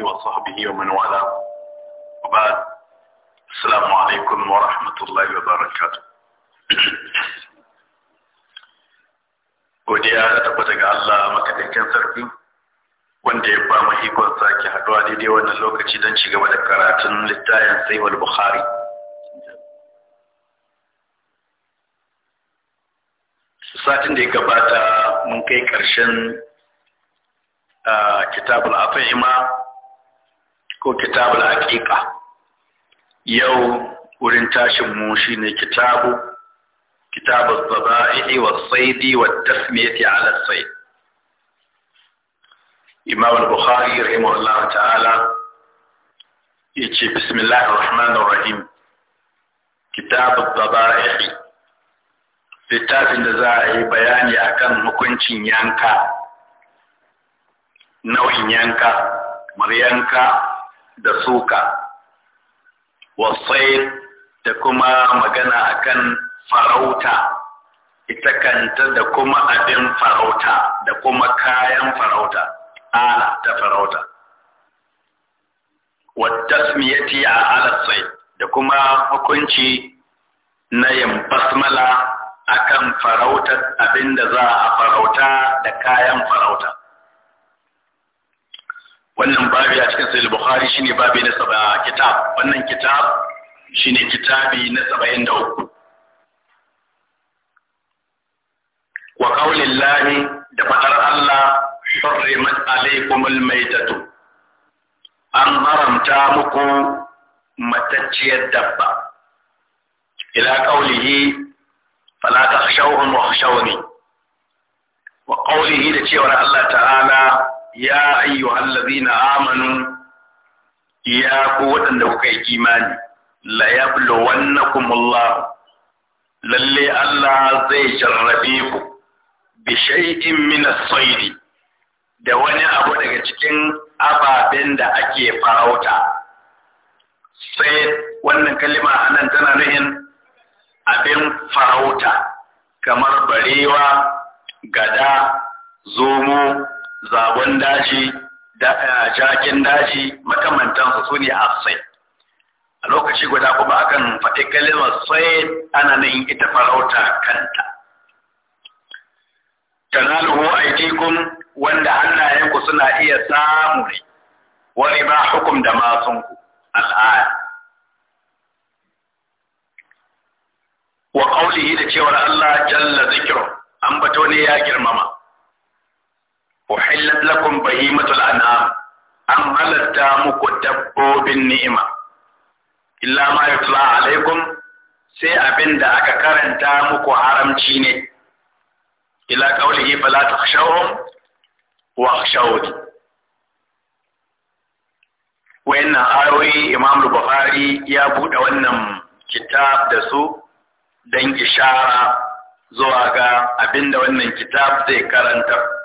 آله وصحبه ومن والاه وبعد السلام عليكم ورحمة الله وبركاته godiya da tabbata ga Allah makadaikin sarki wanda ya ba mu ikon sake daidai wannan lokaci don ci gaba da karatun littafin saiwal bukhari satin da ya gabata mun kai ƙarshen kitabul afima ko kitabul aqiqa yau wurin tashin mu shine kitabu al zaba'i was saidi wat tasmiyati ala sayd Imam al-Bukhari rahimahullah ta'ala yace bismillahir rahmanir rahim al zaba'i littafin da za a yi bayani akan hukuncin yanka nau'in yanka kamar da suka wasai da kuma magana akan farauta ita kanta da kuma abin farauta da kuma kayan farauta ala ta farauta watasmiyati a alasai da kuma hukunci na yin basmala akan farautar abin da za a farauta da kayan farauta wannan babu a cikin sahih da kitab wannan kitab shine kitabi na 73 wa qaulillahi da faɗar Allah hurrimat alaykumul maytatu an haramta muku matacciyar dabba ila qaulihi fala takhshawhum wakhshawni wa qaulihi da cewar Allah ta'ala ya ayyuhallazina amanu ya ku waɗanda kuka yi imani la yabluwannakum Allah lalle Allah zai jarrabe ku bi shay'in min as-sayd da wani abu daga cikin ababen da ake farauta sai wannan kalima anan tana nuhin abin farauta kamar barewa gada zomo zabon daji Eh, jakin daji makamantansu su ne a sai a lokaci guda kuma akan faɗi kalimar sai ana nan ita farauta kanta tanaluhu aidikum wanda hannayenku suna iya samu ne wa riba hukum da masunku al'ada wa qawlihi da cewar Allah jalla zikru an bato ne ya girmama uhillat lakum bahimatul an'am an halatta muku dabbobin ni'ima illa ma yutla alaikum sai abin da aka karanta muku haramci ne ila qawlihi fala takhshawhum wa khshawni wayannan ayoyi imam bukhari ya bude wannan kitab da su dan ishara zuwa ga abinda wannan kitab zai karanta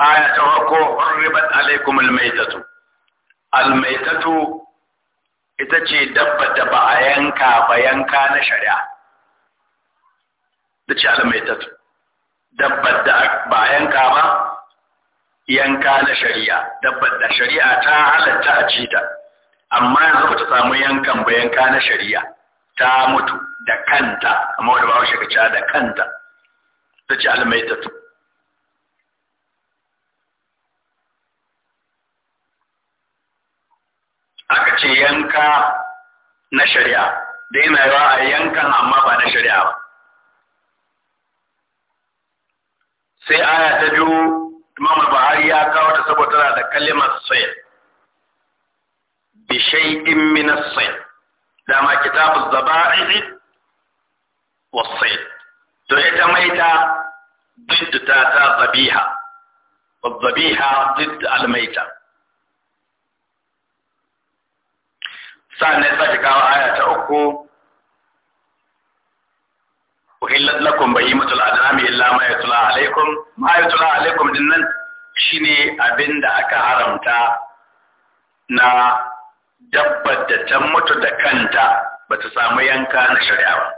aya ta حربت hurribat alaikum almaitatu almaitatu ita ce dabba da ba a yanka ba yanka na shari'a da ce almaitatu dabba da ba a yanka ba yanka na shari'a dabba da shari'a ta halatta a ci ta amma yanzu ba ta samu yankan ba yanka na shari'a ta mutu da kanta amma wani ba shi ka da kanta ta ce almaitatu aka ce yanka na shari'a da yana yawa a yankan amma ba na shari'a ba sai aya ta biyu imam al-bahari ya kawo ta saboda tana da kalimar sai bi shay'in min as-sayr dama kitab az-zaba'i was-sayr to ita maita ضد تاتا ذبيحة والذبيحة ضد الميتة sa'an ya sake kawo aya ta uku uhillat lakum bahimatul anami illa ma yutla alaikum ma yutla alaikum dinnan shine abinda aka haramta na dabbar da ta mutu da kanta bata samu yanka na shari'a ba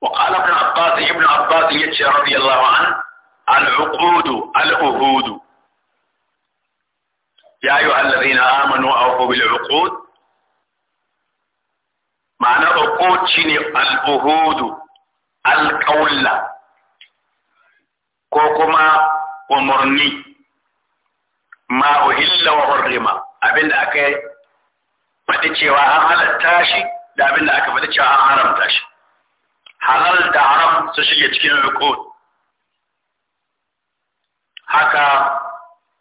وقال ابن عباس ابن عباس يتشي رضي الله عنه العقود الأهود يا أيها الذين آمنوا أوفوا بالعقود معنى عقود شيني الأهود القول كوكما ومرني ما أهل وحرم أبن أكي فتتشي وأهل التاشي da abin da aka faɗi cewa an haramta shi halal da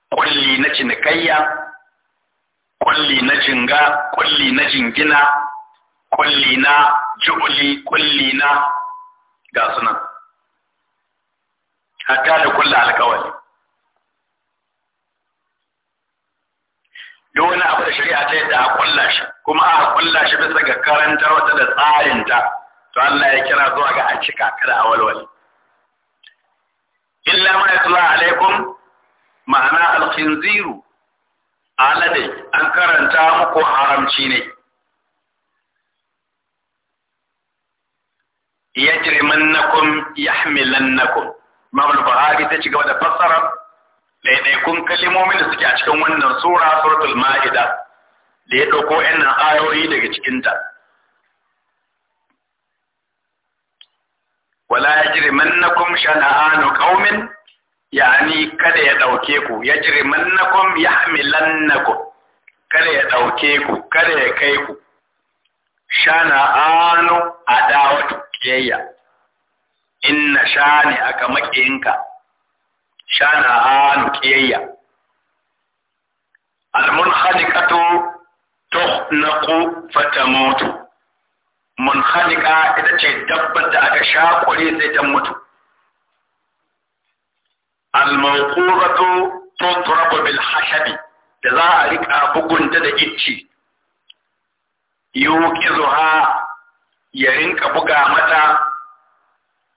kulli na cinikayya kulli na jinga kulli na jingina kulli na juɓuli, kulli na ga sunan hatta da kulla alƙawari. duk wani abu da shari'a ta yadda a kulla shi kuma a kulla shi bisa ga karanta wata da tsarinta to Allah ya kira zuwa ga a cika kada a walwale illa ma yatla alaikum ma'ana alkhinziru alade an karanta muku haramci ne yajrimannakum yahmilannakum Imam al Buhari ta ci gaba da fassara ɗaiɗaikun kalimomin da suke a cikin wannan sura suratul ma'ida da ya ɗauko ƴannan ayoyi daga cikinta wala yajrimannakum shana'anu qaumin yani kada ya ɗauke ku ya jirimannakum ya hamilannakum kada ya ɗauke ku kada ya kai ku shana anu adawatu kiyayya inna shani aka makiyinka shana anu kiyayya almunkhaliqatu tuhnaqu fatamutu munkhaliqa ita ce dabbar da aka shakure sai ta mutu al-mawquratu tutrabu bil hashabi da za a rika bugunta da icci yuqizuha ya rinka buga mata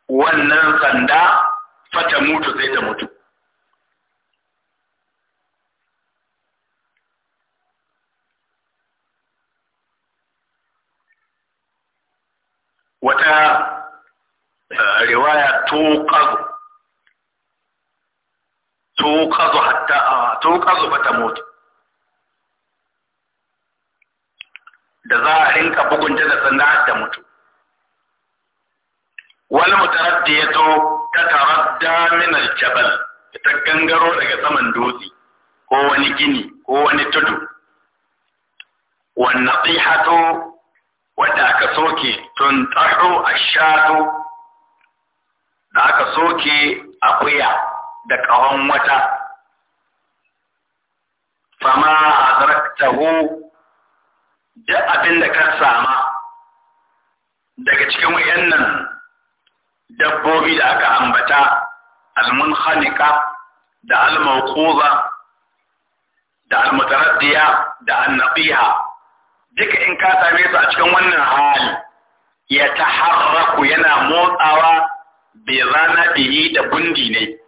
wannan sanda fata mutu zai ta mutu wata riwaya tuqazu توقظ حتى توقظ فتموت da za a rinka bugun jalasan na da mutu wani mutaraddi ya to ta taradda min aljabal ta gangaro daga saman dutse ko wani gini ko wani tudu wannan tsihato wadda aka soke tun tsaro a shato da aka soke akuya da ƙahon wata fama adraktahu da abin da ka sama daga cikin wayannan dabbobi da aka ambata almunhanika da almawquza da almutaraddiya da annabiha duka in ka same su a cikin wannan hali ya taharraku yana motsawa bi zanabihi da bundi ne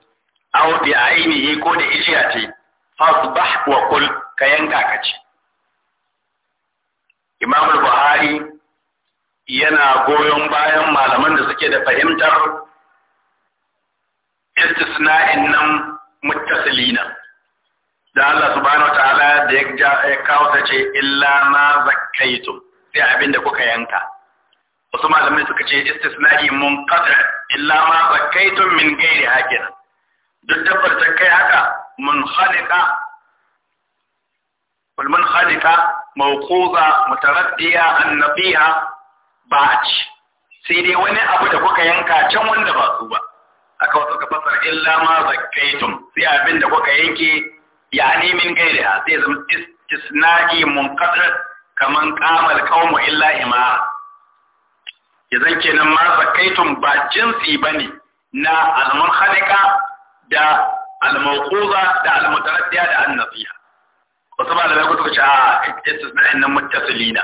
aw bi ainihi ko da ishiya ce fasbah wa kul ka yanka ka ce. Imam Buhari yana goyon bayan malaman da suke da fahimtar istisna'in nan muttasilina da Allah subhanahu wataala da ya kawo ta ce illa ma zakaitu sai abin da kuka yanka wasu malamai suka ce istisna'i mun illa ma zakaitu min gairi hakinan duk dabbar ta kai haka mun halika wal mun halika mawquza mutaraddiya annabiha ba'ch sai dai wani abu da kuka yanka can wanda ba su ba aka wasu ka fasar illa ma zakkaitum sai abin da kuka yanke ya ne min a sai zama istisna'i munqatar kamar kamar qawmu illa ima ya zan kenan ma zakkaitum ba jinsi ba ne na almunhalika da al-mawquza da al-mutaraddiya da an-nasiha wasu malamai kuka ce a istisna'in nan muttasilina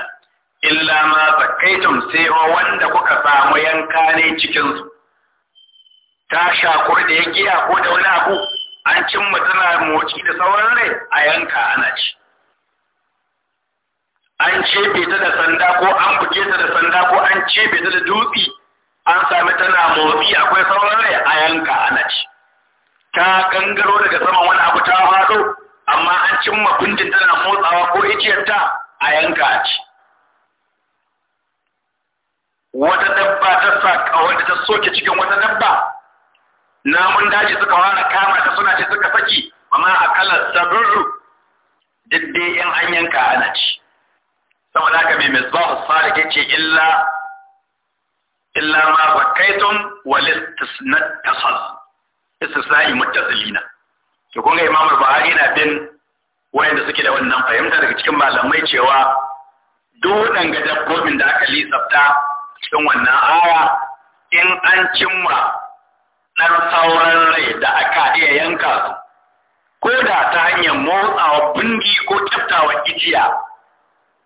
illa ma zakaitum sai wanda kuka samu yanka ne cikin su ta shakur da ya giya ko da wani abu an cin mutuna moci da sauran rai a yanka ana ci an cebe ta da sanda ko an buge ta da sanda ko an cebe ta da dutse an sami tana motsi akwai sauran rai a yanka ana ci ta gangaro daga saman wani abu ta faɗo amma an cimma bindin tana motsawa ko ta a yanka a ci wata dabba ta sa wanda ta soke cikin wata dabba namun daji suka fara kama ta suna ce suka saki amma a akala Duk diddai 'yan an yanka ana ci saboda haka mai misbahu salik yace illa illa ma bakaitum wal istisnat tasal istisna'i muttasilina to kun ga Imam Buhari na bin wayanda suke da wannan fahimta daga cikin malamai cewa duk waɗanga gobin da aka lissafta cikin wannan aya in an cimma dan sauran rai da aka iya yanka su ko da ta hanyar motsawa bindi ko kyaftawa ijiya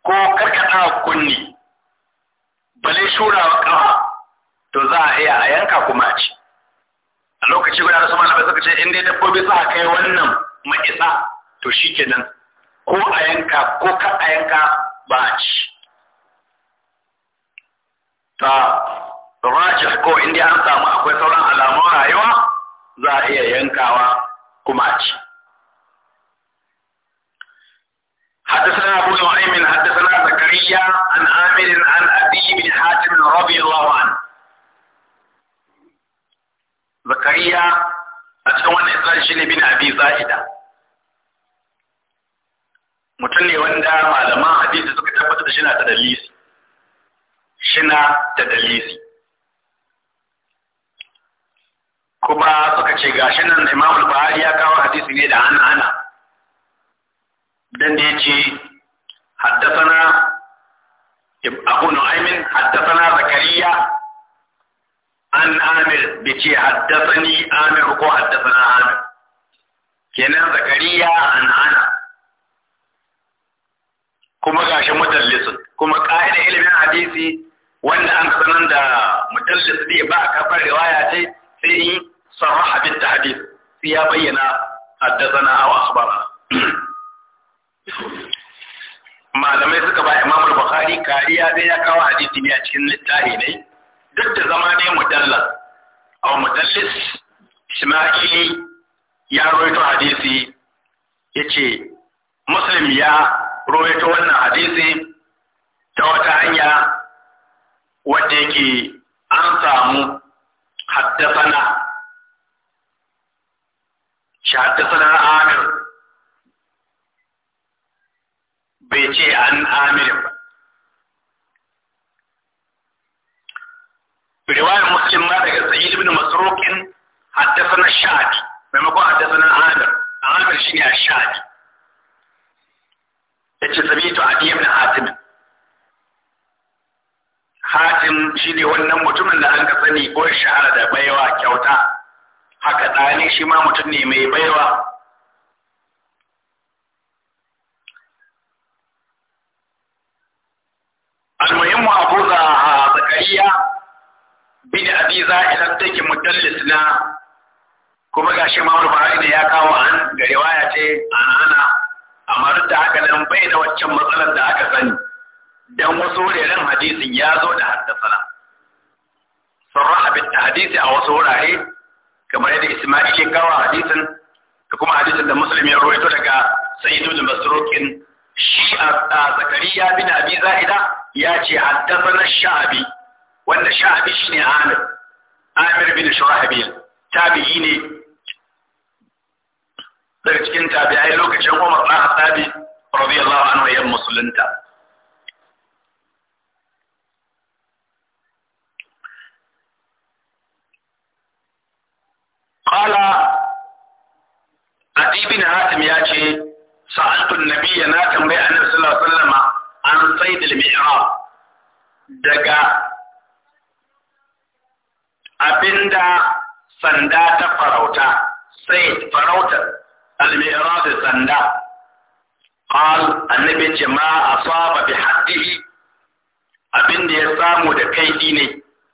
ko karkatawa kunni bale wa kafa to za a iya a yanka kuma ci a lokaci guda da su abin suka ce in dai dabbobi a kai wannan ma'isa to shi kenan ko a yanka ko ka a yanka ba a ci ta rajih ko inda an samu akwai sauran alamun rayuwa za a iya yankawa kuma a ci حدثنا أبو نعيم حدثنا زكريا عن عامر عن أبي بن حاتم رضي الله عنه zakariya a cikin ya isra'il shi ne bin abi za'ida mutum ne wanda malaman hadisi suka tabbatar da shi na ta dalisi na da dalisi kuma suka ce shi nan imamul bahari ya kawo hadisi ne da hana hana dan da haddasa na abu haddasa na zakariya an amir bai ce haddasani amir ko haddasana amir kenan zakariya an ana kuma gashi mutallisin kuma ƙa'ida ilimin hadisi wanda an sanar da mutallis ne ba a kafar riwaya ce sai in sarraha da hadis sai ya bayyana haddasana aw ba malamai suka ba imamul bukhari kariya zai ya kawo hadisi ne a cikin littafi ne duk da zama ne mudallas a mudallis shimaki, ya roito hadisi ya ce, Muslim ya roito wannan hadisi ta wata hanya wadda yake an samu haddasana shi haddasana Amir bai ce an Amir ba riwayar muslim ma daga sa'id ibn masruq haddathana shadi maimakon haddathana amir amir shine shadi yace sabitu adi ibn hatim hatim shine wannan mutumin da an ka sani ko shahara da baiwa kyauta haka tsani shima mutum ne mai baiwa bin abi za'ilan take mudallis na kuma gashi Imam Bukhari ya kawo an ga riwaya ce an ana amma duk da haka nan bai da waccan matsalar da aka sani dan wasu wuraren hadisin ya zo da haddasana sarraha bil hadisi a wasu wurare kamar yadda Isma'il ya kawo hadisin da kuma hadisin da Muslim ya rawaito daga Sa'id ibn Masruqin shi a Zakariya bin Abi Za'ida ya ce 'Haddasa na sha'abi' wanda sha'abi shine Amir Amir bin Shurahabil tabi'i ne daga cikin tabi'ai lokacin Umar bin Khattab radiyallahu anhu ya musulunta قال عدي بن حاتم ياتي سألت النبي أنا تنبي أن صلى الله عليه وسلم عن صيد المعراض دقا abinda sanda ta farauta sai farautar almirasi sanda qal annabi ce ma asaba bi haddihi abinda ya samu da kai ne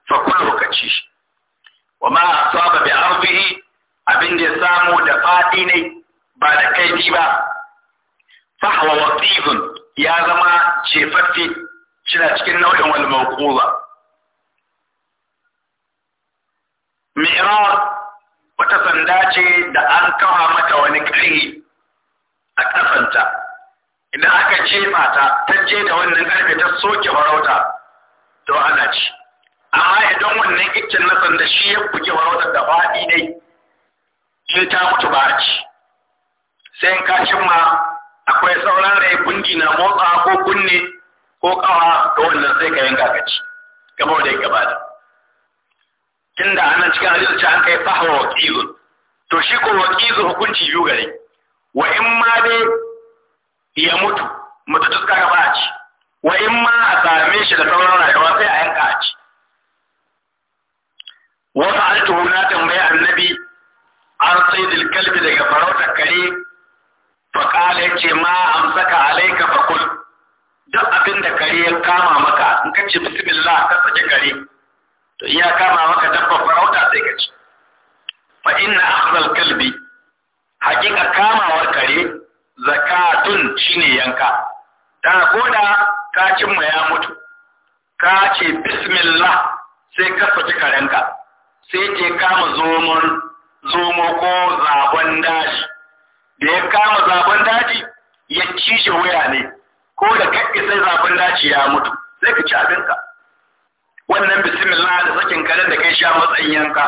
fa kullu kaci wa ma asaba bi ardihi abinda ya samu da fadi ne ba da kaidi ba fa huwa wasifun ya zama cefaffe shi cikin nau'in wal mawquza mi'rar wata sanda ce da an kawo mata wani ƙarfi a ƙasanta idan aka ce ta ta je da wannan karfe ta soke farauta to ana ci amma idan wannan iccen na sanda shi ya buge farautar da faɗi dai in ta mutu ba a ci sai in ka cimma akwai sauran rai kungi na motsa ko kunne ko kawa da wannan sai ka yanka ka ci gaba da gaba da inda anan cikin hadisi ce an kai fahwa Kizu, to shi ko Kizu hukunci biyu gare wa in ma dai ya mutu mutu tuska ga ba ci wa in ma a same shi da sauran rayuwa sai a yanka a ci wa fa'altu na tambayi annabi an sai kalbi daga farauta kare fa qala yace ma amsaka alayka fa kul duk abin da kare ya kama maka in ka ce bismillah ka sake kare to iya kama maka dabbar farauta sai ka ci fa inna akhdhal kalbi hakika kamawar kare zakatun shine yanka da koda ka cimma ya mutu ka ce bismillah sai ka fita karenka sai ke kama zomon zomo ko zabon daji da ya kama zabon daji ya shi wuya ne ko da kai sai zabon daji ya mutu sai ka ci abinka wannan bismillah da sakin karen da kai sha matsayin yanka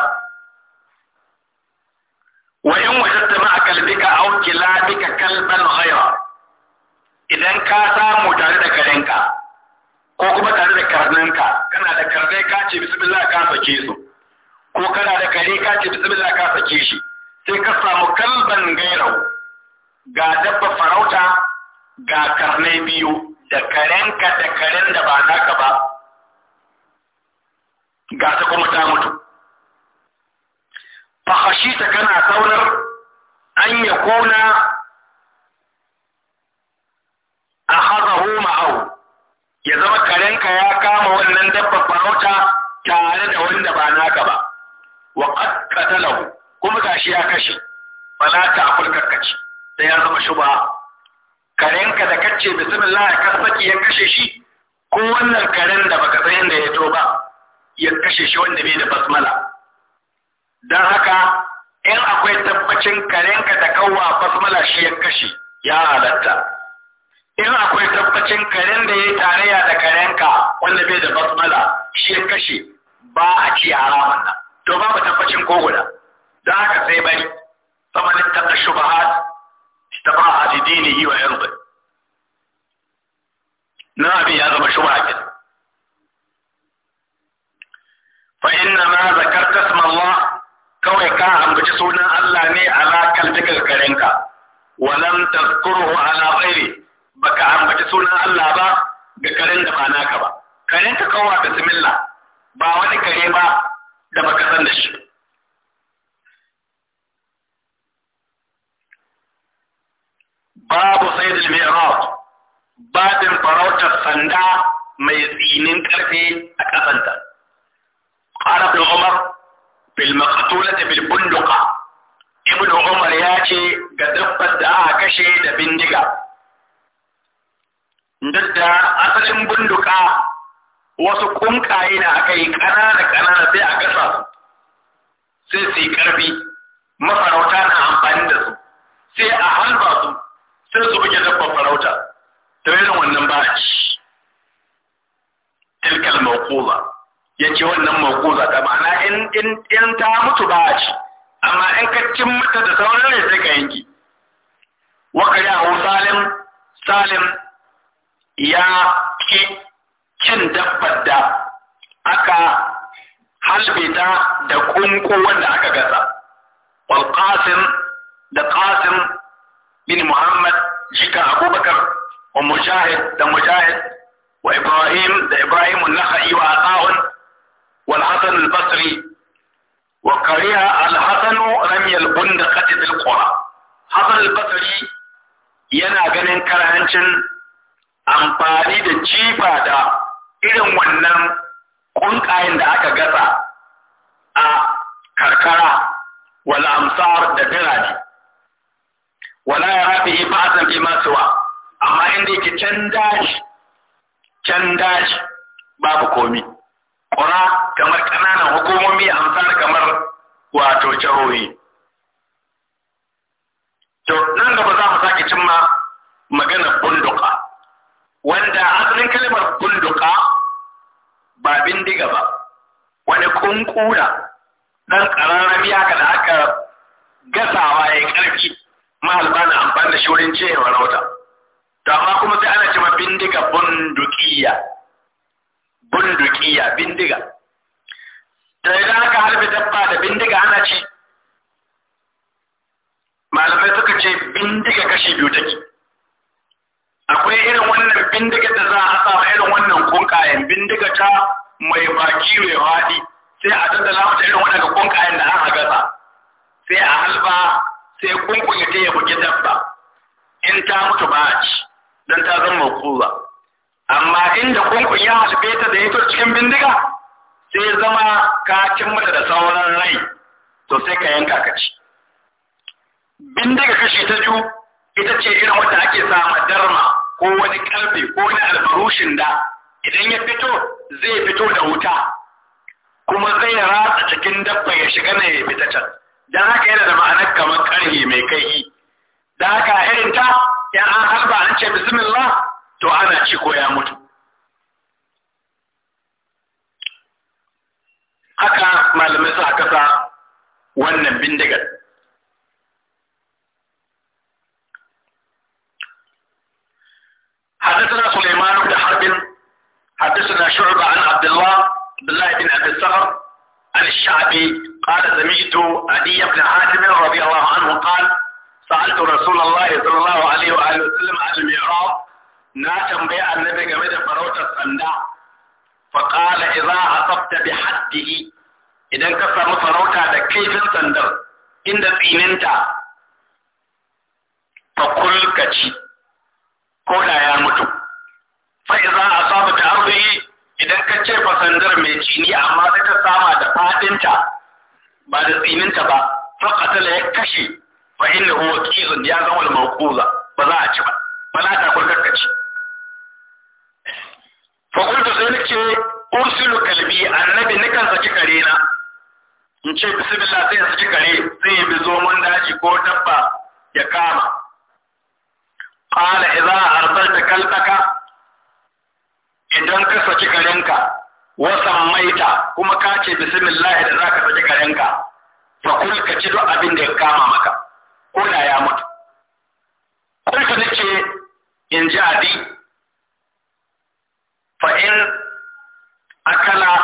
wa in wajatta ma kalbika aw kilabika kalban ghayra idan ka samu tare da karenka ko kuma tare da karnanka kana da karnai ka ce bismillah ka sake su ko kana da kare ka ce bismillah ka sake shi sai ka samu kalban gairau ga dabba farauta ga karnai biyu da karenka da karen da ba naka ba ga ta kuma ta mutu ta kana kaunar an ya kona a hazahu ma'au ya zama karenka ya kama wannan dabba farauta tare da wanda ba naka ba wa qatalahu kuma gashi ya kashe bala ta afurka ci. sai ya zama shuba karenka da kacce bismillah ya saki ya kashe shi ko wannan karen da baka san inda ya to ba ya kashe shi wanda bai da basmala don haka in akwai tabbacin karenka da kawwa basmala shi ya kashe ya halatta in akwai tabbacin karen da ya yi tarayya da karenka wanda bai da basmala shi ya kashe ba a ci haramun nan to babu tabbacin ko guda don haka sai bari saman taɓa shubahat ta ba a dini yi wa yanzu na abin ya zama shubha fa inna ma zakarta kawai ka ambaci sunan Allah ne ala kalbika karenka wa lam tazkuruhu ala ghairi baka ambaci sunan Allah ba ga karen da ba ba karenka kawai bismillah ba wani kare ba da san da shi babu sayyidul babin farautar sanda mai tsinin karfe a kasanta قال ابن عمر في المقتولة بالبندقة ابن عمر ياتي قد ربت دعاها كشي دا بندقة duk da asalin bunduka wasu kunkaye na kai yi ƙanana-ƙanana sai a gasa su sai su yi ƙarfi mafarauta na amfani da su sai a halba su sai su buge dabbar farauta ta irin wannan ba a ci tilkal mawquza ya ce wannan mawkuza ta ma'ana in ta mutu ba a ci amma in ka cin mata da sauran ne sai ka yanki ya hau salim salim ya ki cin dabbar da aka halbe ta da kunko wanda aka gasa wal qasim da qasim bin muhammad jika abubakar wa mujahid da mujahid wa ibrahim da ibrahim an-nakhai wa ata'un والحسن البصري وكره الحسن رمي البندقة في القرى حسن البصري yana ganin karancin amfani da jifa da irin wannan ƙunƙayen da aka gatsa a karkara wala amsar da birane wala ya rafi ba a san amma inda yake can daji can daji babu komi ƙura kamar ƙananan hukumomi amsar kamar wato jihohi. To nan gaba za mu sake cimma magana bunduka, wanda asalin kalmar bunduka ba bindiga ba, wani kunkura ɗan ƙararrami haka da aka gasawa ya yi ƙarfi mahalba na amfani da shi wurin ce rauta. To kuma sai ana cima bindiga bundukiya. bundukiya bindiga da idan aka harbe dabba da bindiga ana ci malamai suka ce bindiga kashi biyu take akwai irin wannan bindiga da za a sa irin wannan kunkayen bindiga ta mai baki mai faɗi sai a dandala mata irin wannan kunkayen da aka gasa sai a halba sai kunkunya ta ya buge dabba in ta mutu ba a ci don ta zama kura amma inda kunkun ya halfe ta da ito cikin bindiga sai zama ka cin mata da sauran rai to sai ka yanka ka ci bindiga kashi ta biyu ita ce irin wata ake sama darma ko wani karfe ko wani albarushin da idan ya fito zai fito da wuta kuma zai ratsa cikin dabba ya shiga na ya fita can don haka yana da ma'anar kamar karhe mai kai da haka irin ta ya an harba an ce bismillah to ana ci ko ya mutu haka malamai aka sa wannan bindigar حدثنا سليمان بن حرب حدثنا شعبة عن عبد الله عبد الله بن أبي الصخر عن الشعبي قال سمعت عدي بن حاتم رضي الله عنه قال سألت رسول الله صلى الله عليه وآله وسلم عن المعراض na tambayi annabi game da farautar sanda faƙala idza asabta bi haddihi idan ka samu farauta da kaifin sandar inda tsininta fa kulkaci ko da ya mutu fa idza asabta ardihi idan ka ce fa sandar mai cini amma sai ka sama da fadinta ba da tsininta ba fa qatala ya kashe fa huwa waqizun ya zama al-mawquza ba za a ci ba ba za ta kulkaci fa qultu sai nake ursilu kalbi annabi nakan saki kare na in ce bismillah sai in saki kare sai ya bi zomon daji ko dabba ya kama qala idza arsalta kalbaka idan ka saki karenka wa sammaita kuma ka ce bismillah da zaka saki karenka fa kuma ka ci duk abin da ya kama maka ko da ya mutu kulka nace in ji adi fa’in akala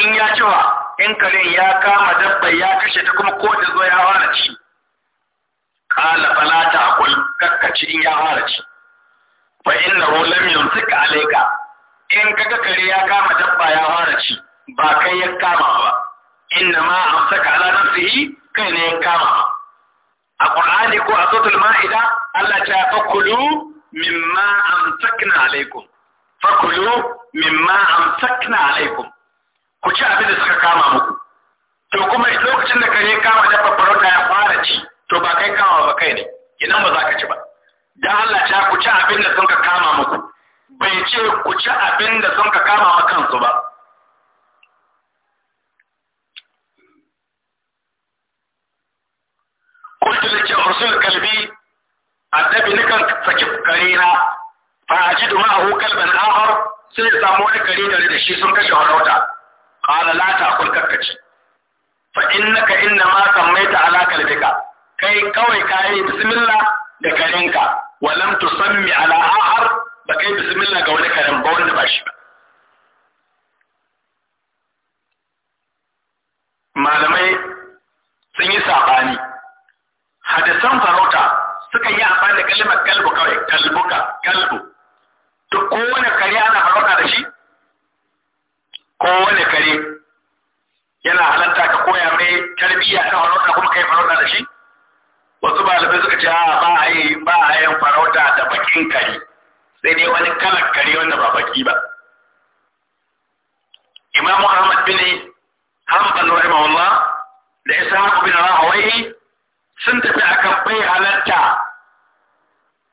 in ya cewa in karen ya kama dabba ya kashe ta kuma ko da zo ya fara ci kala falata ta akul kakkaci in ya fara ci fa na lam yumsik alayka in kaga kare ya kama dabba ya fara ci ba kai ya kama ba inna ma amsaka ala nafsihi kai ne ya kama a qur'ani ko a suratul ma'ida Allah ta fakulu mimma amsakna alaikum fakulu mimma amsakna alaikum ku ci abin da suka kama muku to kuma lokacin da kare kama dafa farauta ya fara ci to ba kai kama ba kai ne idan ba za ka ci ba dan Allah ta ku ci abin da sun ka kama muku bai ce ku ci abin da sun ka kama ma kansu ba قلت لك أرسل قلبي annabi nukan saki na. fa a ajidu ma'ahu kalban akhar sai ya samu wani kare gare da shi sun kashe harauta qala la ta'kul kakkaci fa in na innaka inna ma ta ala kalbika kai kawai ka yi bisimila da karenka wa lam tusammi ala akhar ba kai bisimila ga wani karen ba wanda ba shi ba malamai sun yi saɓani hadisan farauta suka yi amfani da kalmar kalbu kawai kalbuka kalbu duk kowane kare ana farauta da shi kowane kare yana halatta ka koya mai tarbiyya ana farauta kuma kai farauta da shi wasu malamai suka ce a ba a yi ba a yin farauta da bakin kare sai dai wani kalar kare wanda ba baki ba imamu ahmad bin hanbal rahimahullah da ishaq bin rahawai sun tafi akan bai halatta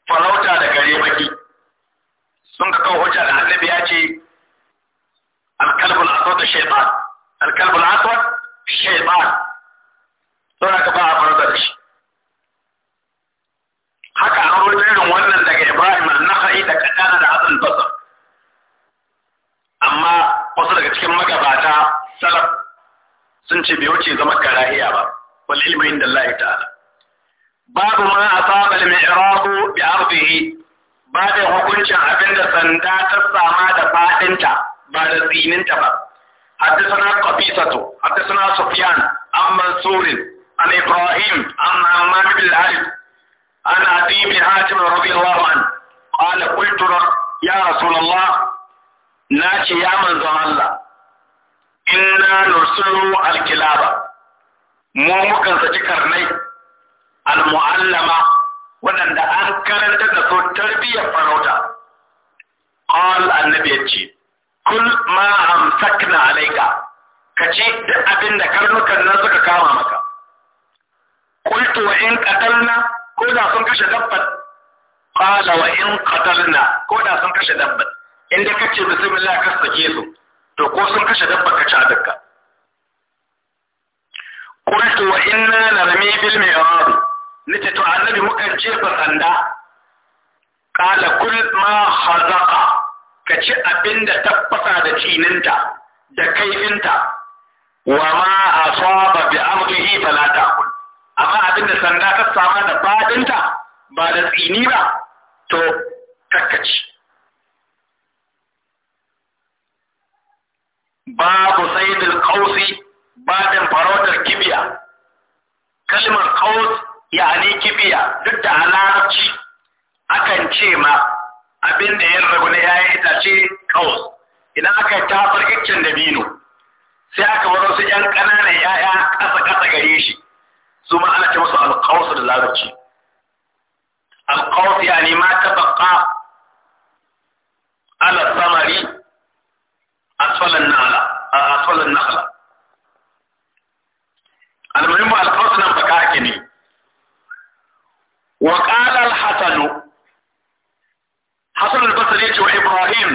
farauta da kare baki sun ka kawo hujja da annabi ya ce alkalbul aswad shaytan alkalbul aswad shaytan don haka ba a farza da shi haka an rubuta irin wannan daga Ibrahim an-Nakhai da Qatana da Hasan Basr amma wasu daga cikin magabata salaf sun ce bai wuce zama karahiya ba wal ilmu inda Allah ta'ala babu ma asaba al-mi'rab bi ardihi ba da hukuncin abin da sanda ta sama da faɗinta ba da tsininta ba حدثنا قبيصة حدثنا سفيان عن منصور عن إبراهيم عن عمام بن العلي عن عدي بن حاتم رضي الله عنه قال قلت يا رسول الله ناتي يا من الله إنا نرسل الكلاب mu mukan saki karnai al-mu'allama waɗanda an karanta da so tarbiyyar farauta qal annabi ce, kul ma alaika, ka ce duk abin da karnukan nan suka kama maka qultu wa in qatalna ko da sun kashe dabbat qala wa in qatalna ko da sun kashe dabbat inda ka ce bismillah ka sake su to ko sun kashe dabbat ka ci adaka qultu wa na narmi bil mai nace to annabi mukan jefa sanda qala kul ma khazaqa ka ci abinda ta fasa da cininta da kaifinta wa ma asaba bi amrihi fala taqul amma abinda sanda ta sama da fadinta ba da tsini ba to kakkaci babu sayyidul qausi badan farautar kibiya kalmar qaus yani kibiya duk da halarci. akan ce ma abin da ya rabu na yayin itace kaus idan aka tafar iccen da bino sai aka bar wasu ƴan ƙananan ya'ya ƙasa ƙasa gare shi su ma ana ce musu alƙaus da larabci ya yani ma tabaqa ala samari asfalan nahla asfalan nahla almuhimmu alƙaus nan baka ake ne wa qala al-hasan hasan al-basri ce wa ibrahim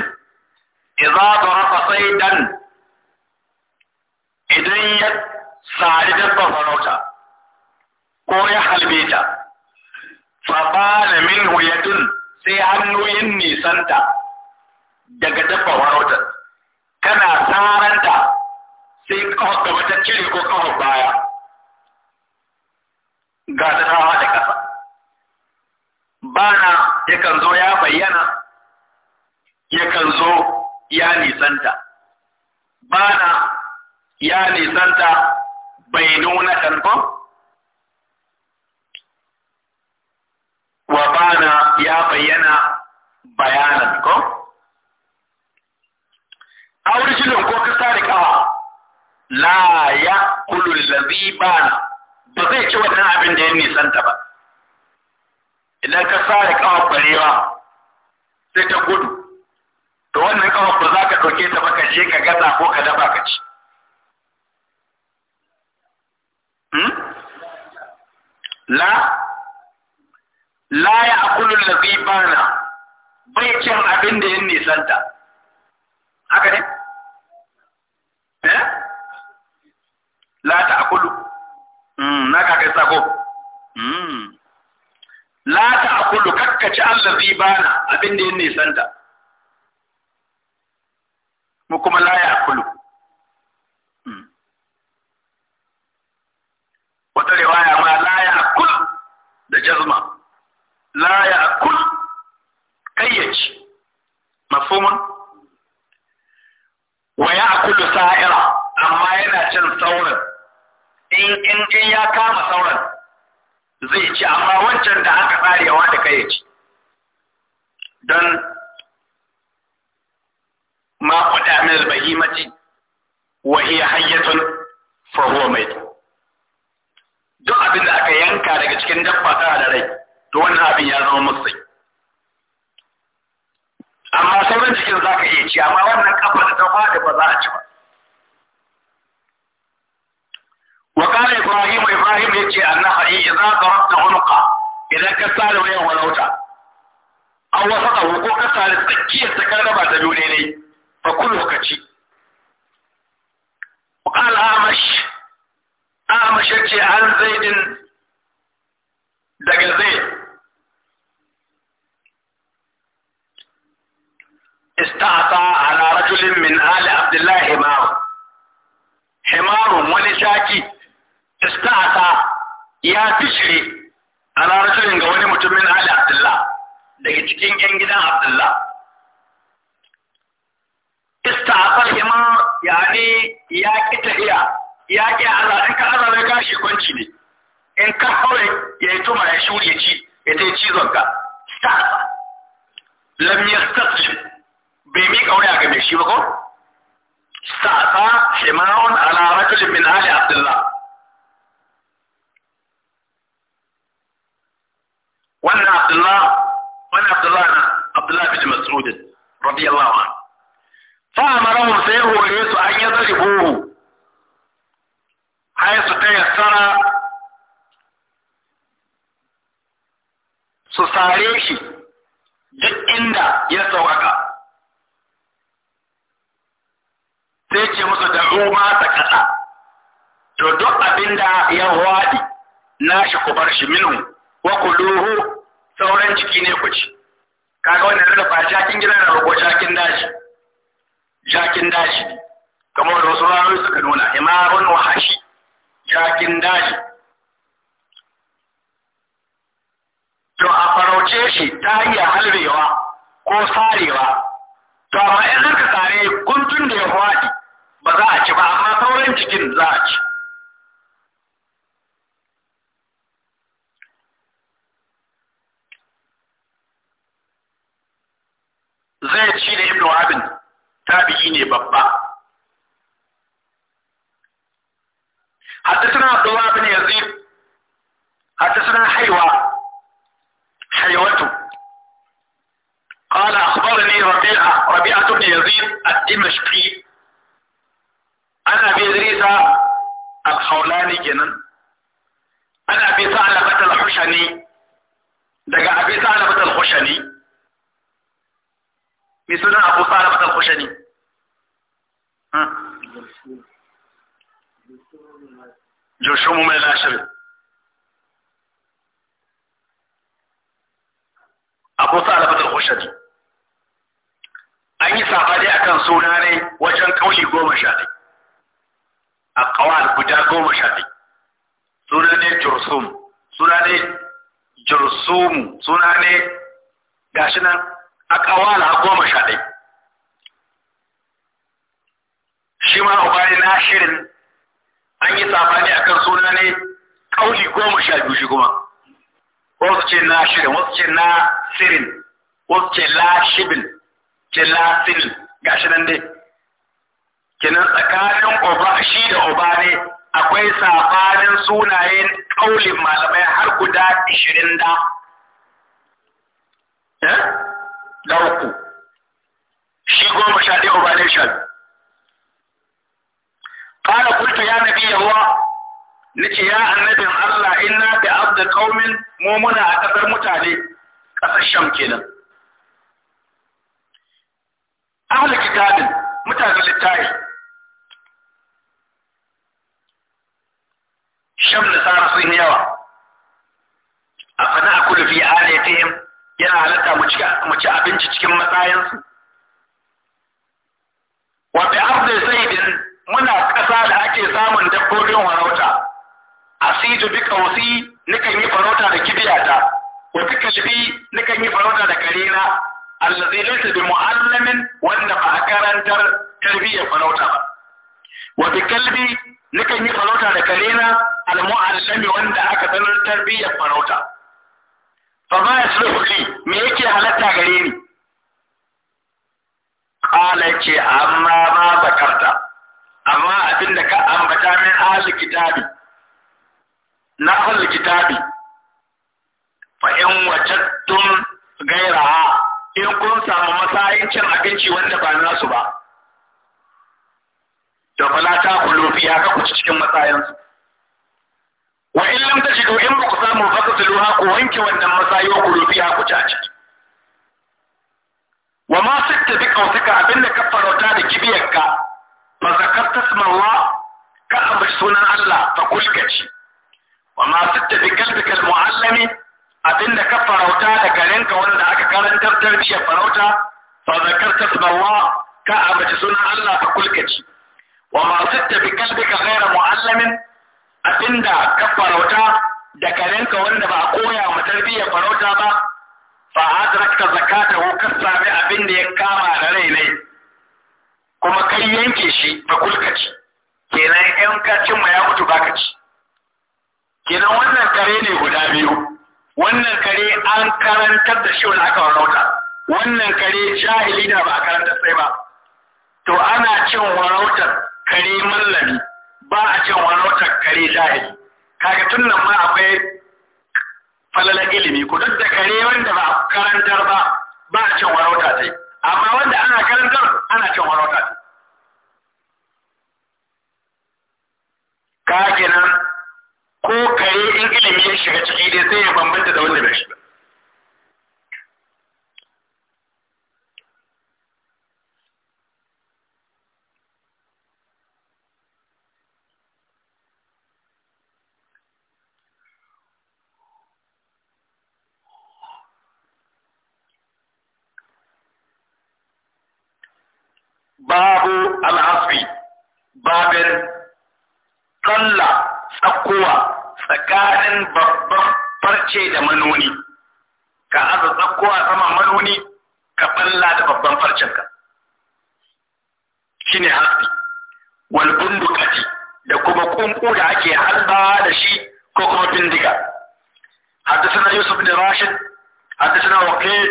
idza darafa saydan idan ya sari dabba farauta ko ya halbe ta fa bala minhu yadun sai hannu yin nisanta daga dabba farautar kana saranta sai kawar gaba ta cire ko kawar baya ga ta hawa da kasa bana yakan zo ya bayyana yakan zo ya nisanta bana ya nisanta bai nuna ko wa bana ya bayyana bayanan ko A aurijinin ko kasa da kawa la ya kulu lazi bana ba zai ci wannan abin da ya nisanta ba idan ka sare kawar kwarewa sai ta gudu to wannan kawar ku za ka ɗauke ta baka ka je ka gaza ko ka dafa ka ci hmm? la la ya akulu lazi bana bai cin abin da yin nisanta haka ne eh? la ta akulu hmm, na kakai kai sako hmm. la ta akulu kakkaci zai bana abin da ya ta. mu kuma la ya akulu hmm. wata riwaya ma la ya akulu da jazma la ya akul kayyaci mafhumun wa ya akulu sa'ira amma yana cin sauran in in ya kama sauran zai ci amma wancan da aka tsarewa da kai ci don ma kwada min albahimati wa hiya hayyatun fa huwa mayt duk abin da aka yanka daga cikin dabba ta da rai to wannan abin ya zama musai amma sauran cikin za ka iya ci amma wannan kafa da ta fada ba za a ci ba وقال إبراهيم إبراهيم يجي أنها إذا ضربت عنقا إذا كسر وين ولوتا أو وسط ko ka sare tsakiyar ta karaba ta biyu ne وقال أعمش أعمش يجي عن زيد daga zaid استعطى على رجل من آل عبد الله حمار حمار ولشاكي ista'asa ya tishiri a rajulin ga wani mutumin ali abdullah daga cikin yan gidan abdullah ista'asal hima yani ya ƙi tahiya ya ki ala in ka azara gashi kwanci ne in ka kawai ya yi tuma ya shuri ya ci ya ta yi cizon ka ista'asa lamiyar yastaslim bai mi kaura ga gabe shi ba ko shi ma'aun ala rajulin min ali abdullah wannan Abdullah wannan Abdullah na Abdullah bin Mas'ud radiyallahu anhu fa amarahu sai hore su an yi zari zaribuhu hay su ta yassara. su sare shi duk inda ya sauƙaƙa sai ce musu da ruwa ta kasa to duk abinda ya wadi nashi ku bar shi minhu wa kuluhu sauran jiki ne ku ci kaga wannan rana ba jakin gida na ko jakin daji jakin daji kamar da wasu rayu suka nuna imarun wahashi jakin daji to a farauce shi ta hanyar halbewa ko sarewa to amma in zaka sare guntun da ya faɗi ba za a ci ba amma sauran jikin za a ci zai shi ne ibnu abin tabi'i ne babba حدثنا عبد الله بن يزيد حدثنا حيوة حيوة قال أخبرني ربيعة ربيعة بن يزيد الدمشقي أنا أبي إدريس الخولاني جنا أنا أبي ثعلبة الحشني دقا أبي ثعلبة الحشني mai suna abu tsara mata kusa ne joshomu mai lashir abu tsara mata kusa ne an yi sabari a kan suna ne wajen kauli goma sha ne a kawal guda goma sha ne suna ne jursum suna ne jursumu suna ne gashi nan a ƙawala a goma sha ɗai shi ma ubani na shirin an yi sabani a kan suna ne ƙauli goma sha biyu shi kuma wasu ce na shirin wasu ce na sirin wasu ce la shibin ce la sirin ga shi nan dai kenan tsakanin oba shi da oba ne akwai sabanin sunayen ƙaulin malamai har guda ishirin da eh? na uku shi goma sha ɗaya uba ne sha biyu قال قلت يا نبي ce ya annabin Allah inna bi abda qaumin mu a kasar mutane kasar Sham kenan ahli kitabin mutane littafi Sham na Sara sun yawa afana akulu fi alayatihim yana halatta mu ci abinci cikin matsayansu wa bi ardi zaidin muna ƙasa da ake samun dabbobin farauta asidu bi qawsi nikan yi farauta da kibiyata wa bi kalbi nikan yi farauta da karena allazi laysa bi mu'allamin wanda ba a karantar tarbiyyar farauta ba wa bi kalbi nikan yi farauta da karena al mu'allami wanda aka sanar tarbiyyar farauta fa ma yasluhu li me yake halarta gare ni qala ce amma ma zakarta amma abinda ka ambata min ahli kitabi na ahli kitabi fa in wajadtum gairaha in kun samu matsayin cin abinci wanda ba nasu ba da fala ta kulu fiya ka ku cikin matsayansu wa in lam tajidu in ba ku samu fasasiluha ku wanke wannan masayo ku rufi ha ku caci wa ma sakta bi kautika abinda ka farauta da kibiyarka fa zakarta smawa ka ambaci sunan Allah fa kulkaci wa ma sakta bi kalbika almuallami abinda ka farauta da garinka wanda aka karantar tarbiyyar farauta fa zakarta smawa ka ambaci sunan Allah fa kulkaci wa ma sakta bi kalbika ghayra muallamin abinda ka farauta da karenka wanda ba a koya wa tarbiyyar farauta ba fa zakata ko ka sami abin da ya kama da rai ne kuma kai yanke shi kulka ci kenan yan ka ma ya mutu baka ci kenan wannan kare ne guda biyu wannan kare an karantar da shi wanda aka farauta wannan kare jahili na ba a karantar sai ba to ana cin warautar kare mallami ba a cin wani wata kare jahili kaga tun nan ma akwai falalar ilimi ku duk da kare wanda ba karantar ba ba a cin wani wata sai amma wanda ana karantar ana cin wani wata sai ka kenan ko kare in ilimi ya shiga ciki dai sai ya bambanta da wanda bai shiga babu al'asri babin tsalla tsakkowa tsakanin babban farce da manoni ka aza tsakkowa sama manoni ka balla da babban farcenka shine hasbi wal bundukati da kuma kunku da ake halba da shi ko kuma bindiga حدثنا يوسف بن راشد حدثنا وقيل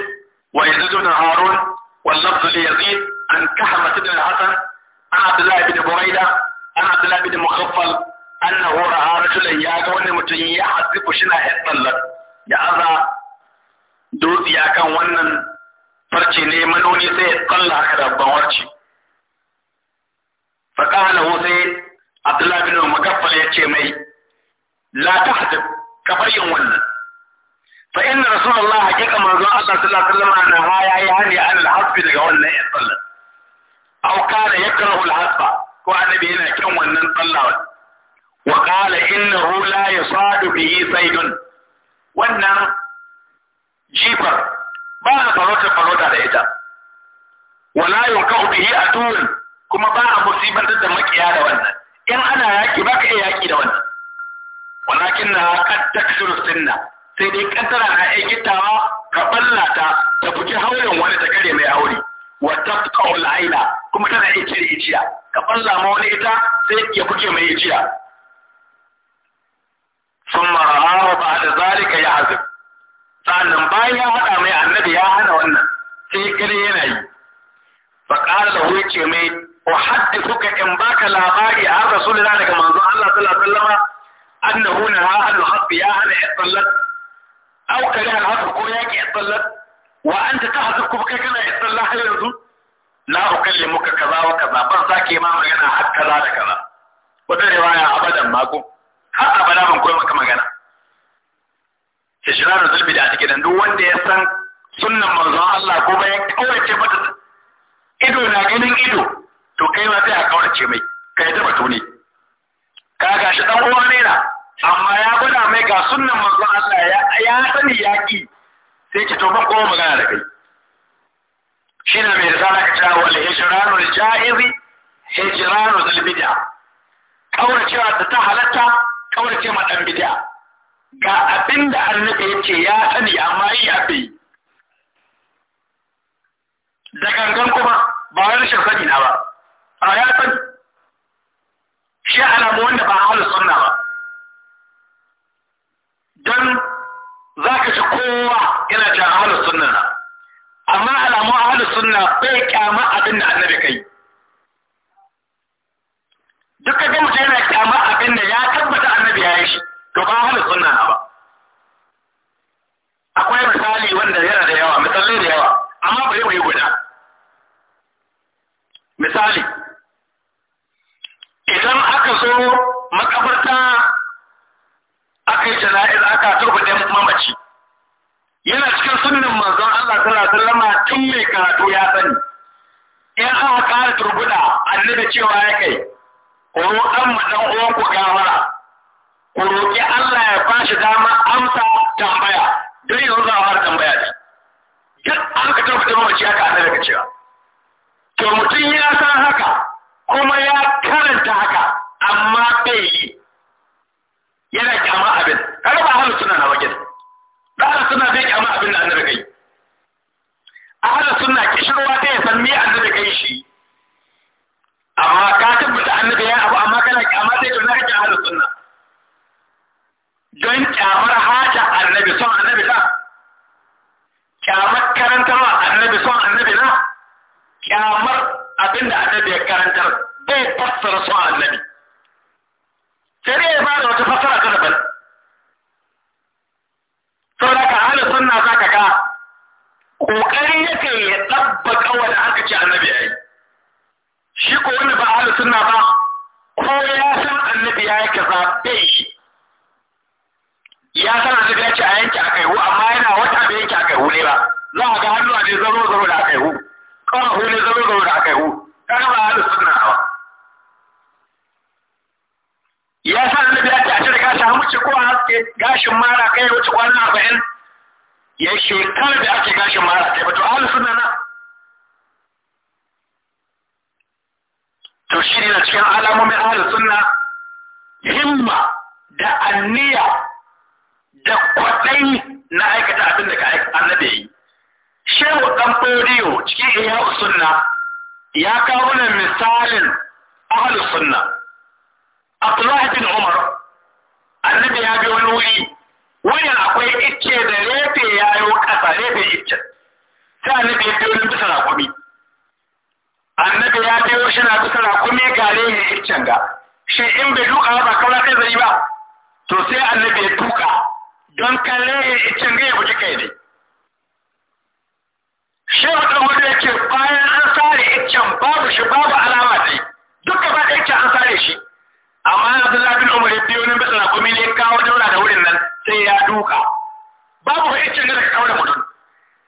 ويزيد بن هارون واللفظ ليزيد عن كحمة بن الحسن عن عبد الله بن بريدة عن عبد الله بن مخفل أنه رأى رجلا يأكل متي يحذف شنا هتلا يا هذا دوز يأكل ونن فرشي نمنوني سي قل آخر بورشي فقال هو سي عبد الله بن مخفل يأتي مي لا تحذف كبري ونن فإن رسول الله حقيقة من صلى الله عليه وسلم أنه رأى يعني عن الحذف لغوانا يطلق أو كان يكره الهدفة وعن بينا كم ونن طلعوا وقال إنه لا يصاد به سيد ونن جيبر ما نفرط فرط على إيجا ولا يوقع به أتون كما باع مصيبة تدمك يا دوان إن أنا يأكي يا دوان ولكنها قد تكسر السنة سيديك أنت لها إيجي تاوى كبلتا تبجي هولي ونتكلم وتتقوا العين كما تنا ايتي ايتيا كبلا ما وني ايتا سي يا كوكي مي ايتيا ثم راه بعد ذلك يا عزب فان باي يا هذا مي النبي يا هنا وانا سي كلي يناي فقال له يجي مي احدثك ان باك لا باقي على رسول الله كما انزل الله صلى الله عليه وسلم انه نهى الحق يا هنا اطلت او كلها الحق كوياك اطلت wa ta tahzu kuma kai kana yin sallah har yanzu la muka kaza wa kaza ban sake ma magana har kaza da kaza wata riwaya abadan ma ko har abada ban koyi maka magana sai shi ranar zulmi da ake dandu duk wanda ya san sunnan manzon Allah ko ba ya kaurace mata ido na ganin ido to kai ma sai a kaurace mai kai da batu ne ka ga shi dan uwa ne na amma ya gwada mai ga sunnan manzon Allah ya sani ya ki sai ki to kowa kuma magana da kai shine mai risala ka cewa wal hijranu al jaizi hijranu al bid'a kaura cewa da ta halatta kaura ce ma dan bid'a ga abinda annabi yace ya sani amma yi abi da gangan kuma ba wani shafani na ba a ya sani shi alamu wanda ba halin sunna ba don za ka ci kowa yana jan ahalus sunna na amma alamun ahalus sunna bai kyama abin da annabi kai duk ka ga mutum yana kyama abin da ya tabbata annabi ya yi shi to ba ahalus sunna na ba akwai misali wanda yana da yawa misali da yawa amma bai mu yi guda misali idan aka so makabarta Tun mai karatu ya sani in aka kara turguda annabi cewa ya kai ku roƙan mutan dan ku gawara ku roƙi Allah ya bashi dama amsa tambaya don yanzu za a fara tambaya ce duk an ka tabbata mamaci haka annabi ka cewa to mutum ya san haka kuma ya karanta haka amma bai yi yana kyama abin kada ba halu suna na wajen da suna zai kyama abin da annabi kai ahalar suna kishirwa ta ya san me annabi kai shi amma ka tabbata annabi ya abu amma kana kyama sai ka nake ahalar suna don kyamar haja annabi son annabi ta kyamar karantarwa annabi son annabi na kyamar abinda annabi ya karantar bai fassara son annabi sai dai ya ba da wata ta daban saboda ka ahalar suna za ka ga kokari yake ya ɗabbaka wanda aka ce annabi ya yi shi ko wanda ba ahlus sunna ba ko ya san annabi ya yi kaza shi ya san annabi ya ci a yanke a hu amma yana wata bai yanke a hu ne ba za a ga hannu a ne zaro zaro da a kaihu hu ne zaro zaro da a hu kan ba ahlus sunna ba ya san annabi ya ce a cire gashin hamuci ko a haske gashin mara kai wuce kwana arba'in ya shekara da ake gashin mara ta ba to na to shi ne cikin alamomin ahli sunna himma da anniya da kwaɗai na aikata abin da ka annabi yi shehu dan fodiyo cikin iya sunna ya kawo nan misalin ahli sunna Abdullahi bin Umar annabi ya bi wani wuri wurin akwai icce da refe ya yi wa ƙasa refe icce sai annabi ya biyo bisa rakumi annabi ya biyo shi na bisa rakumi ga rehe iccen ga shi in bai duka ba kawai kai zai ba to sai annabi ya duka don kan rehe iccen ga ya buji kai ne shehu ɗan wanda yake bayan an sare iccen babu shi babu alama dai duka ba iccen an sare shi amma Abdullahi bin Umar ya biyo ne bisa rakumi ne kawo daura da wurin nan sai ya duka babu hajjin da kawo da mutum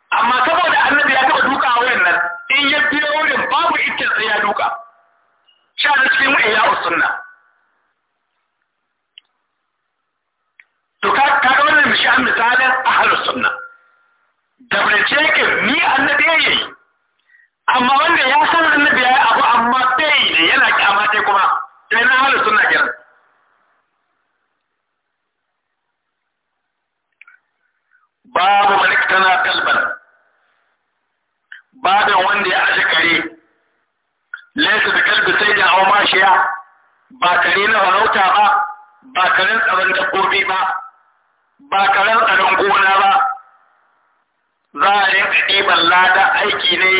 amma saboda annabi ya taba duka a wurin nan in ya biyo wurin babu ikin sai ya duka sha da cikin mu iya sunna to ka ka ga wannan shi an misalin ahlus sunna da bai ce ke ni annabi yayi amma wanda ya san annabi yayi abu amma bai ne yana kyamata kuma sai na ahlus sunna kenan babu man iktana kalban babu wanda ya aje kare laysa da kalbi sai da mashiya ba kare na farauta ba ba karen tsaron dabbobi ba ba karen tsaron gona ba za a rinka lada aiki ne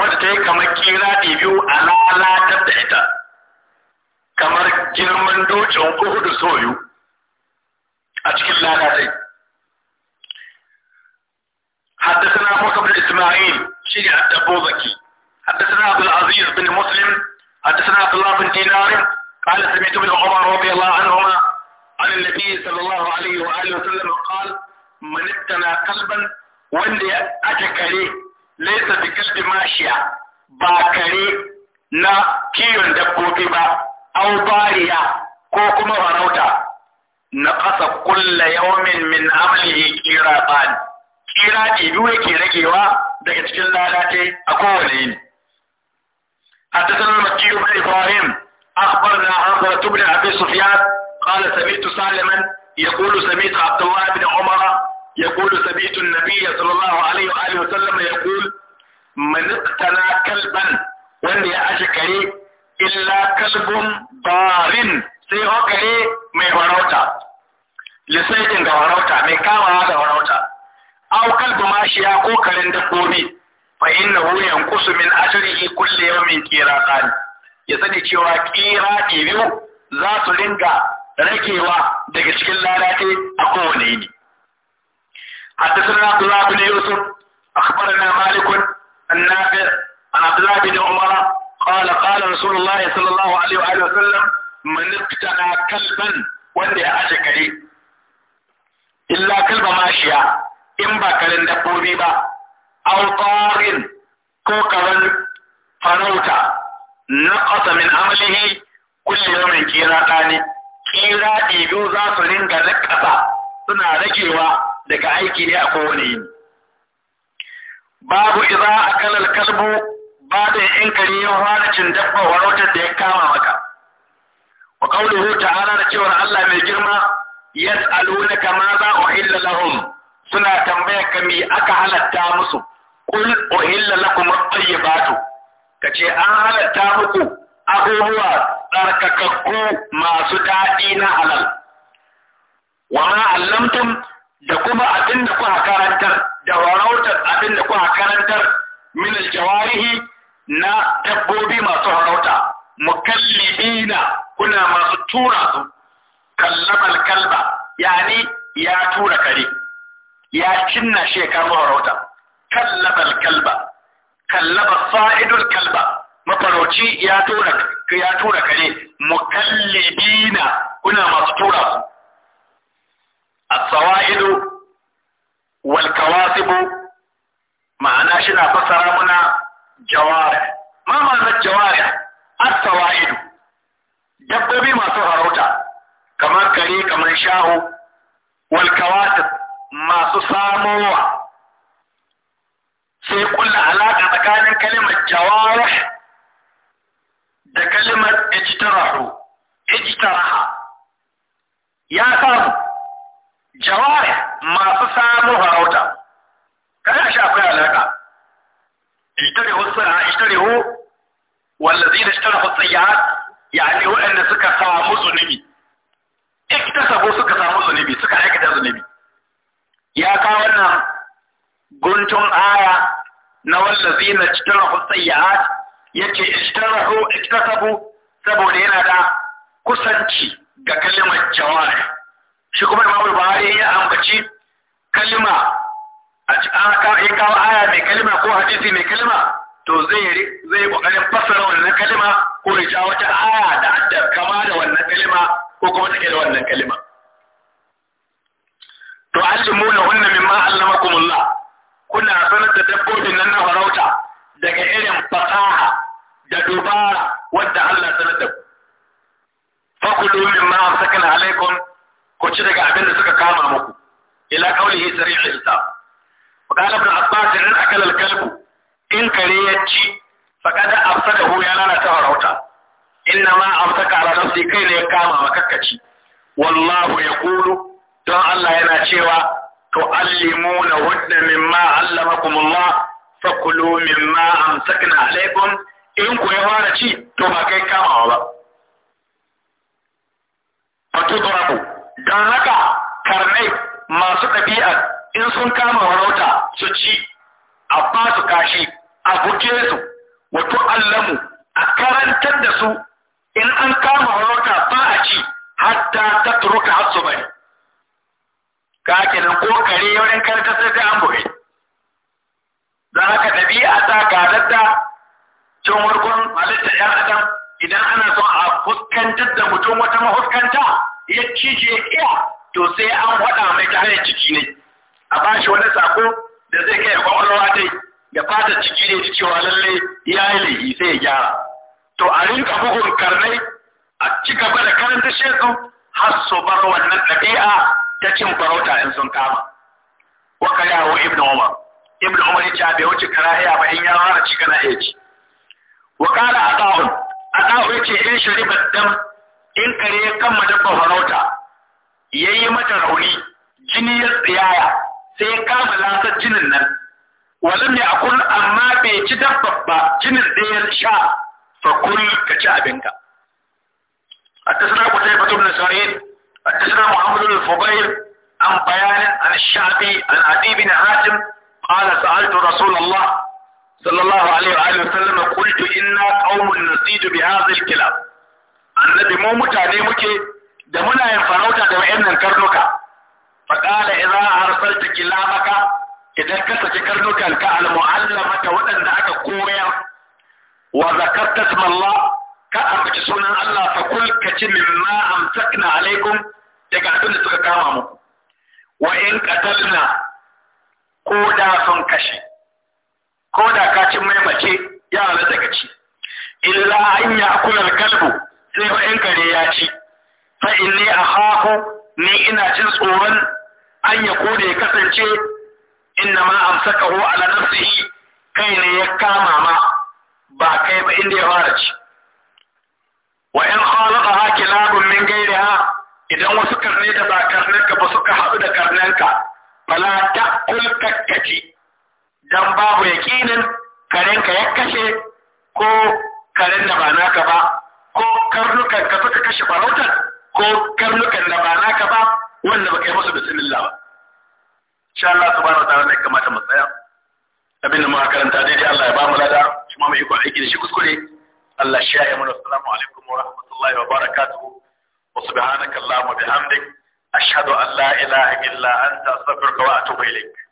wanda ta yi kamar kira da biyu a lalatar da ita kamar girman dokin uhudu soyu a cikin lalatai حدثنا موسى بن اسماعيل شيخ الدبوزكي حدثنا عبد العزيز بن مسلم حدثنا عبد الله بن دينار قال سمعت ابن عمر رضي الله عنهما عن النبي صلى الله عليه واله وسلم قال من ابتنى قلبا وندي اتكري ليس بكلب ماشيه باكري na kiyon dabbobi ba au bariya ko kuma farauta na ƙasa kulla yaumin min amalihi kira ban kira ne biyu yake ragewa daga cikin lalace a kowane yini حدثنا مكي بن ابراهيم اخبرنا حمزه بن ابي سفيان قال سمعت سالما يقول سمعت عبد الله بن عمر يقول سمعت النبي صلى الله عليه واله وسلم يقول من اقتنى كلبا وان يا اشكري illa kalbun barin sai hokare mai farauta lissaitin da farauta mai kamawa da farauta aw kalbu mashiya ko karin dabbobi fa innahu yanqusu min ajrihi kulli yawmin qiratan ya sani cewa kira biyu za su ringa rakewa daga cikin lalace a kowane yini حدثنا عبد الله بن يوسف أخبرنا مالك النافع عن عبد الله بن عمر قال قال رسول الله صلى الله عليه وآله وسلم من ابتغى wanda ya aje kare illa kalba mashiya in ba karen dabbobi ba aw qarin ko karen farauta naqata min amalihi kulli yawmin kira dani kira biyu za su ringa nakasa suna ragewa daga aiki ne a kowane yini babu idza a kalar kalbu ba da in kari ya fara cin dabba warautar da ya kama maka wa qawluhu ta'ala da cewar Allah mai girma yas'alunaka ma za uhilla lahum suna tambaya ka aka halatta musu qul uhilla lakum batu. Ka ce an halatta muku abubuwa tsarkakakku masu daɗi na halal wa ma allamtum da kuma abin da kuka karantar da warautar abin da kuka karantar min aljawarihi na dabbobi masu farauta mukallibina kuna masu tura su kallamal kalba yani ya tura kare ya cinna shi ya kama farauta kallabal kalba kallaba fa'idul kalba mafarauci ya tura ya tura kare mukallibina kuna masu tura su as-sawa'idu fasadahu ya lalata farauta inna ma amsaka ala nafsi kai ne ya kama makakkaci wallahu yaqulu don Allah yana cewa to tu'allimuna ma mimma Allah fakulu mimma amsakna alaikum in ku ya fara ci to ba kai kamawa ba fatudrabu don haka karnai masu ɗabi'a in sun kama farauta su ci a fasu kashi a buke su wa tu'allamu a karantar da su in an kama harota ba a ci hatta ta turuka hatsu bari ka kenan ko kare wurin karanta sai ta an buge ka haka ɗabi'a ta gadadda cin warkon halitta ‘yan adam idan ana so a fuskantar da mutum wata mahuskanta ya cije iya to sai an haɗa mai ta hanyar ciki ne a ba shi wani sako da zai kai kwakwalwa ta yi Ya fata ciki ne cewa lalle ya yi laifi sai ya gyara to a rinka bugun karnai a ci gaba da karanta shekaru har su bar wannan ɗabi'a ta cin farauta in sun kama wa yawo Ibn umar Ibn umar ya ce bai wuce karahiya ba in ya fara ci kana iya ci wa qala ata'un ya ce in shariba dam in kare ya kama dabba farauta yayi mata rauni jini ya tsiyaya sai ya kama lasar jinin nan ولم يأكل أما بي دببا جنر دير شاء فكل كتابنك التسنى قتيبة بن سعيد التسنى محمد بن الفضيل عن بيان عن الشعبي عن عدي بن حاتم قال سألت رسول الله صلى الله عليه وآله وسلم قلت إنا قوم نسيت بهذا الكلام النبي مو متعني مكي دمنا ينفروتا دمئنا الكرنكا فقال إذا أرسلت كلامك idan ka saki karnukan ka al ta waɗanda aka koya wa zakarta Allah ka ambaci sunan Allah fa kul ka ci mimma amsakna alaikum daga abin da suka kama mu wa in qatalna ko da sun kashe ko da ka ci mai mace ya halatta daga ci illa an ya kalbu sai wa in kare ya ci fa inni akhafu ni ina jin tsoron an ya kode ya kasance inna ma amsakahu ala nafsihi kai ne ya kama ma ba kai ba inda ya fara ci wa in ha kilabun min ghayriha idan wasu karne da ba ka ba suka haɗu da karnanka bala ta kulkakkaci dan babu yakinin karenka ya kashe ko karen da ba naka ba ko karnukan ka suka kashe farautar ko karnukan da ba naka ba wanda ba kai musu bismillah ba insha Allah subhanahu wataala ne kamata mu tsaya abin da muka karanta Allah ya ba mu lada kuma mu iko aiki da shi kuskure Allah shi ya mana assalamu alaikum wa rahmatullahi wa barakatuh wa subhanaka allahumma bihamdik ashhadu an la ilaha illa anta astaghfiruka wa atubu ilaik